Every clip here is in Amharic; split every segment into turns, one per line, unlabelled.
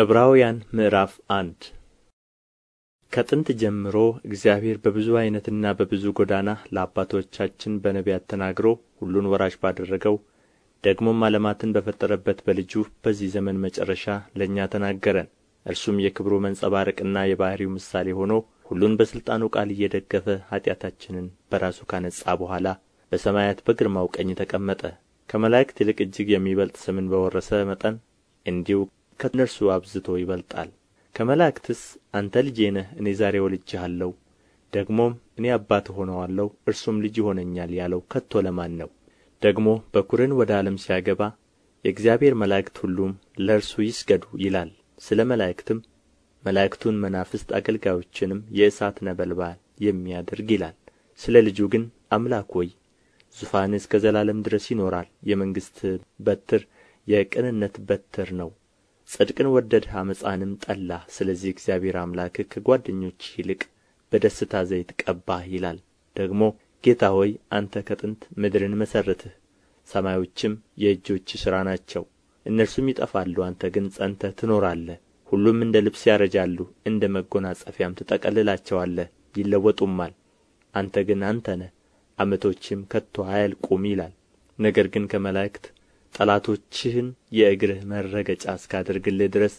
ዕብራውያን ምዕራፍ አንድ ከጥንት ጀምሮ እግዚአብሔር በብዙ ዓይነትና በብዙ ጎዳና ለአባቶቻችን በነቢያት ተናግሮ ሁሉን ወራሽ ባደረገው ደግሞም ዓለማትን በፈጠረበት በልጁ በዚህ ዘመን መጨረሻ ለእኛ ተናገረን። እርሱም የክብሩ መንጸባረቅና የባሕሪው ምሳሌ ሆኖ ሁሉን በሥልጣኑ ቃል እየደገፈ ኀጢአታችንን በራሱ ካነጻ በኋላ በሰማያት በግርማው ቀኝ ተቀመጠ። ከመላእክት ይልቅ እጅግ የሚበልጥ ስምን በወረሰ መጠን እንዲሁ ከእነርሱ አብዝቶ ይበልጣል ከመላእክትስ አንተ ልጄ ነህ እኔ ዛሬ ወልጄሃለሁ ደግሞም እኔ አባት ሆነዋለሁ፣ እርሱም ልጅ ይሆነኛል ያለው ከቶ ለማን ነው ደግሞ በኵርን ወደ ዓለም ሲያገባ የእግዚአብሔር መላእክት ሁሉም ለእርሱ ይስገዱ ይላል ስለ መላእክትም መላእክቱን መናፍስት አገልጋዮችንም የእሳት ነበልባል የሚያደርግ ይላል ስለ ልጁ ግን አምላክ ሆይ ዙፋንህ እስከ ዘላለም ድረስ ይኖራል የመንግሥትህ በትር የቅንነት በትር ነው ጽድቅን ወደድህ ዓመፃንም ጠላህ ስለዚህ እግዚአብሔር አምላክህ ከጓደኞች ይልቅ በደስታ ዘይት ቀባህ ይላል ደግሞ ጌታ ሆይ አንተ ከጥንት ምድርን መሠረትህ ሰማዮችም የእጆች ሥራ ናቸው እነርሱም ይጠፋሉ አንተ ግን ጸንተህ ትኖራለህ ሁሉም እንደ ልብስ ያረጃሉ እንደ መጎናጸፊያም ትጠቀልላቸዋለህ ይለወጡማል አንተ ግን አንተ ነህ ዓመቶችም ከቶ አያልቁም ይላል ነገር ግን ከመላእክት ጠላቶችህን የእግርህ መረገጫ እስካደርግልህ ድረስ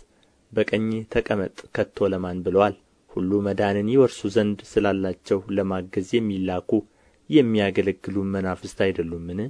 በቀኝህ ተቀመጥ ከቶ ለማን ብሎአል ሁሉ መዳንን ይወርሱ ዘንድ ስላላቸው ለማገዝ የሚላኩ የሚያገለግሉም መናፍስት አይደሉምን